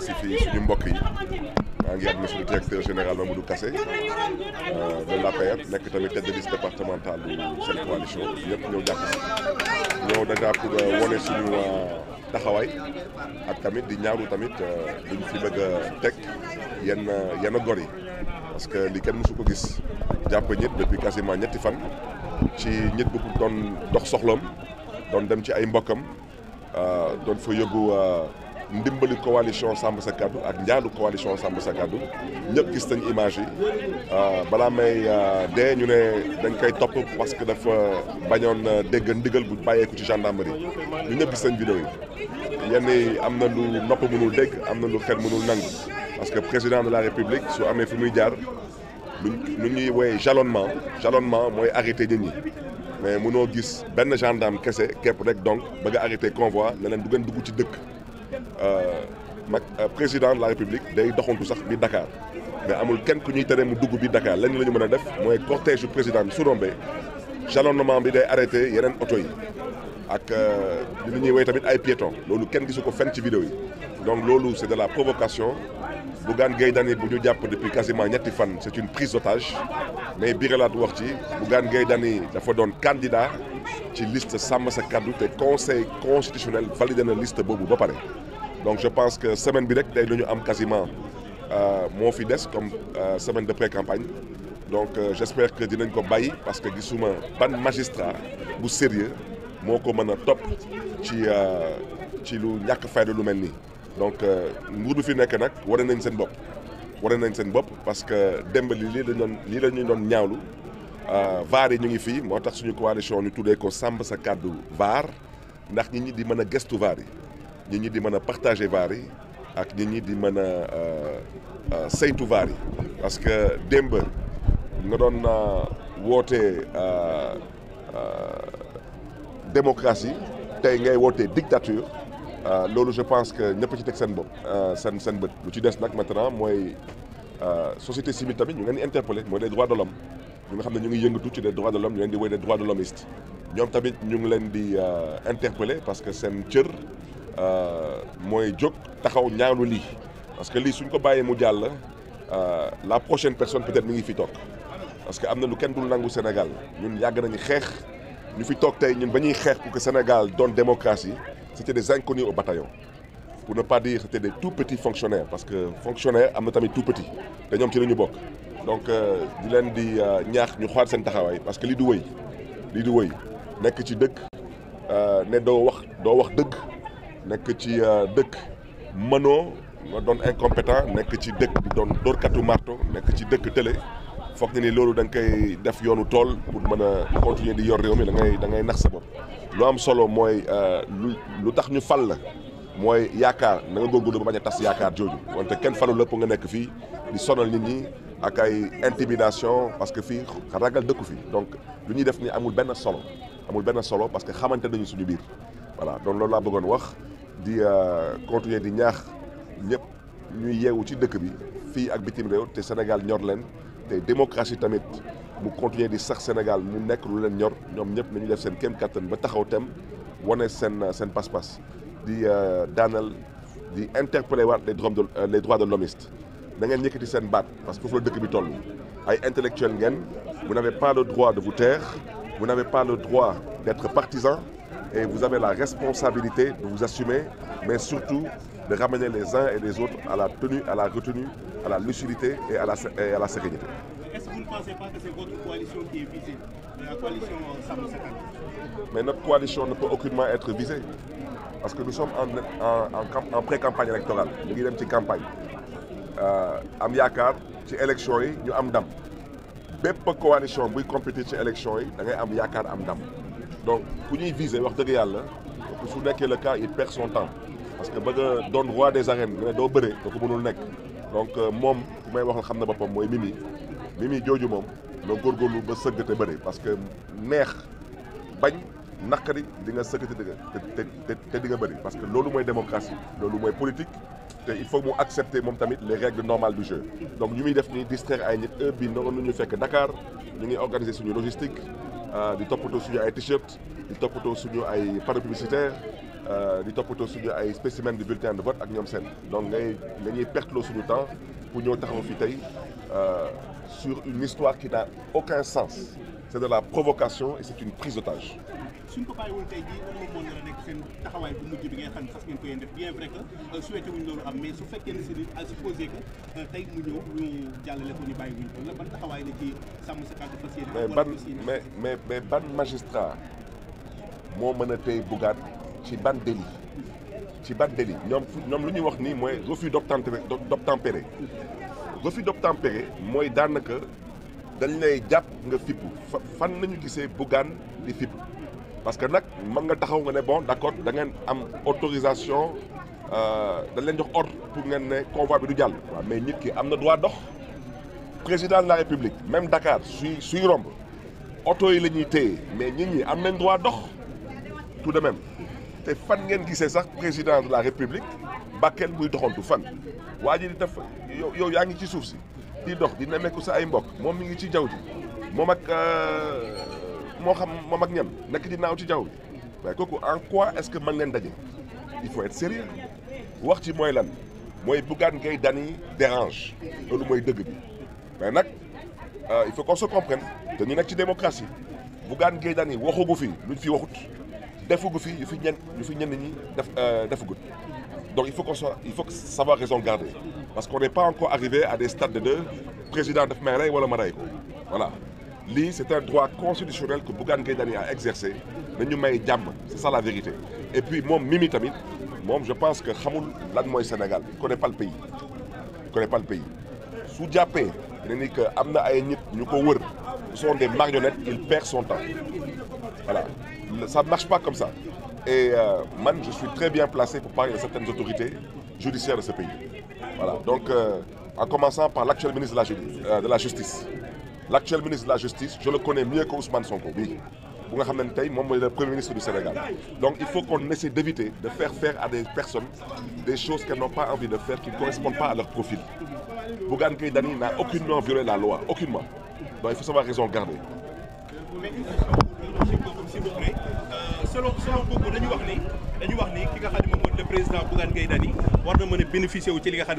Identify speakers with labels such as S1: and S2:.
S1: fekk si fii suñu mbokk yi maa ngi am na suñu directeur général Mamadou Kassé euh, de l'APR nekk tamit tête de liste départementale bu seen coalition ñëpp ñëw jàpp si ñëw dèjà pour euh, wone suñu euh, taxawaay ak tamit di ñaaru tamit duñ fi bëgg a teg yenn yenn gor yi parce que li kenn mësu ko gis jàpp ñit depuis quasiment ñetti fan ci ñit bu doon dox soxloom doon dem ci ay mbokkam doon fa yóbbu ndimbali coalition Samba Sakadu ak njaalu coalition Samba Sakadu Kàddu gis nañ image yi euh, bala may euh, dé ñu né dañ koy top parce que dafa bañoon euh, dégg ndigal bu bayé ko ci gendarmerie ñu ñëpp gis nañ vidéo yi yenn yi am lu nopp mënul dégg amna lu xel mënul nang parce que président de la république su amé fi muy jaar lu ñuy woowee jalonnement jalonnement moy arrêté nit ñi mais mënoo gis benn gendarme kese képp rek donc ba nga arrêté convoi ne leen du dugg ci dëkk le euh, euh, président de la république day doxantu sax bi Dakar mais amul ken ku ñuy téré mu dugg bi Dakar lenn lañu mëna def moy cortège président bi su rombee jalonnement bi day arrêté yenen auto yi ak euh, li ñuy woy tamit ay piétons lolu ken gisuko ko fenn ci vidéo yi donc lolu c'est de la provocation Bougane Gueye Dany bu ñu japp depuis quasiment ñetti fan c'est une prise d'otage mais Biréla Lat wax ci Bougane Gueye Dany dafa don candidat ci liste sàmm sa kaddu te conseil constitutionnel validé na liste Bobo ba donc je pense que semaine bi rek day am quasiment euh, fi des comme euh, semaine de pré-campagne donc euh, j' espère que dinañ ko bàyyi parce que un ban magistrat bu sérieux moo ko top a qui ci euh, ci lu ñàkk fayda lu mel donc nous devons fi nekk nag wane nañ seen bopp wane nañ seen bopp parce que démb li lii la ñu doon ñaawlu euh, vaar yi ñu ngi fii moo tax suñu coalition ñu tuddee ko sàmm sa kàddu vaar ndax nit ñi di mën a gëstu vaar yi nit ñi di a partager vaar ak nit ñi di a euh, euh, saytu vaar parce que démb nga doon voté démocratie tey ngay wootee dictature lolo je pense que ñëpp ci teg seen bopp bon, le bët lu ci maintenant moi société civile tamit ñu ngeen interpellé mooy les droits de l'homme nous avons tous les ñu des droits de l'homme ñu avons des droits de l'homme. Nous avons ñu euh, parce que un un euh, mooy jóg taxaw ñaawlu parce que si nous ko bàyyee mu euh, la prochaine personne peut-être mi parce que nous avons lu kenn au au Sénégal Nous, yàgg nañu xeex ñu fi toog tey ñun ba pour que le Sénégal donne démocratie c'était des inconnus au bataillon pour ne pas dire que c'était des tout petits fonctionnaires parce que fonctionnaires, nous avons tamit tout petit Nous avons ci la donc euh, di len di euh, ñaax ñu xaar seen taxaway parce que li du wëy li du wëy nek ci dëkk euh, ne do wax do wax dëgg nek ci dëkk mëno nga don incompétent nek ci dëkk di dor katu marto nek ci dëkk télé fokk ni lolu dang kay def yoonu tol pour mëna continuer di yor réew mi da ngay da ngay nax sa bop lu am solo moy lu lu tax ñu fal la mooy yaakaar na nga góorgóorlu ba baña tass tas joju jooju wante kenn falu lepp nga nek fi di sonal nit ñi A ay intimidation parce que fii ragal dëkku fi donc lu def ni amul benn solo amul benn solo parce que xamante nañu suñu biir voilà donc loolu laa bëggoon wax di euh, continuer di ñaax ñëpp ñuy yeewu ci dëkk bi ak Sénégal ñor leen démocratie tamit mu continuer di Sénégal mu nekk lu leen ñor ñoom ñëpp nañu def seen kéem kattan ba taxaw euh, euh, interpeller les droits de les droits de vous n'avez pas le droit de vous taire vous n'avez pas le droit d'être partisan et vous avez la responsabilité de vous assumer mais surtout de ramener les uns et les autres à la tenue, à la retenue, à la lucidité et à la, à la sérénité. Est-ce que vous ne pensez pas que c'est votre coalition qui est visée, euh, Mais notre coalition ne peut aucunement être visée parce que nous sommes en, en, pré-campagne électorale. Nous petite campagne. Euh, am yaakaar ci élection yi ñu am ndam bépp coalition buy compétir ci élection yi da ngay am yaakaar am ndam donc ku ñuy viser wax dëgg yàlla su nekkee le cas il perd son temps parce que bëgg a doon roi des arènes nga ne doo bëree da ko mënul nekk donc euh, moom ku may waxal xam na boppam mooy Mimi Mimi jooju moom na góorgóorlu ba sëgg te bëri parce que neex bañ naqari di nga sëgg te te te di nga bëri parce que loolu mooy démocratie loolu mooy politique il faut que accepter mom tamit les règles normales du jeu donc ñu muy def ni distraire ay nit heure bi noonu ñu fekk Dakar ñu ngi organiser suñu logistique euh, di topoto suñu ay t-shirt di topoto suñu ay panneaux publicitaires euh, di topoto suñu ay spécimens de bulletin de vote ak ñom sen donc ngay nga perdre lo suñu temps pour nous taxaw fi euh sur une histoire qui n'a aucun sens c'est de la provocation et c'est une prise d'otage. que mais mais mais mais magistrat a délit ci délit refus d'obtempérer refus d'obtempérer que dañ lay jàpp nga fipp fan nañu gisee Bougane di fipp parce que nag mën nga taxaw nga ne bon d'accord da ngeen am autorisation euh, dañ leen jox ordre pour ngeen ne convoi bi du jàll. waaw mais nit ki am na droit dox président de la république même Dakar suy suy romb oto yi la ñuy mais nit ñi am nañ droit dox tout de même te fan ngeen gisee sax président de la république Bakel muy doxantu fan waa ji di def yow yow yaa ngi ci suuf si di dox di nemeku sa ay mbokk moom mi ngi ci jaww ji moom ak euh, moo xam moom ak ñam nekk di naaw ci jaww ji waaye kooku en quoi est-ce que mën ngeen daje il faut être sérieux wax ci mooy lan mooy Bougane Gueye Dany dérange loolu mooy dëgg bi mais nag euh, il faut qu'on se comprenne te ñu nekk ci démocratie Bougane Gueye Dany waxugu fi luñ fi waxut euh, donc il faut soit il faut savoir raison garder parce qu'on n'est pas encore arrivé à des stades de deux président de may ou wala voilà c'est un droit constitutionnel que Bougane Gaïdani a exercé nañu may jàmm c'est ça la vérité et puis moi Mimi tamit je pense que xamul lan Sénégal il connaît pas le pays il connaît pas le pays Sous-diapé, il dit que Amna ay sont des marionnettes ils perdent son temps voilà. Ça ne marche pas comme ça. Et euh, je suis très bien placé pour parler de certaines autorités judiciaires de ce pays. Voilà. Donc, euh, en commençant par l'actuel ministre euh, de la, Justice. L'actuel ministre de la Justice, je le connais mieux que Ousmane Sonko. Oui. moi, je suis le Premier ministre du Sénégal. Donc, il faut qu'on essaie d'éviter de faire faire à des personnes des choses qu'elles n'ont pas envie de faire, qui ne correspondent pas à leur profil. Bougan Dani n'a aucunement violé la loi, aucunement. Donc, il faut savoir raison garder. leadership boobu s'il euh, dañu wax ni dañu wax ni ki nga xam ne moom mooy le président Bougane Gueye Dany war na mën a bénéficier wu ci li nga xam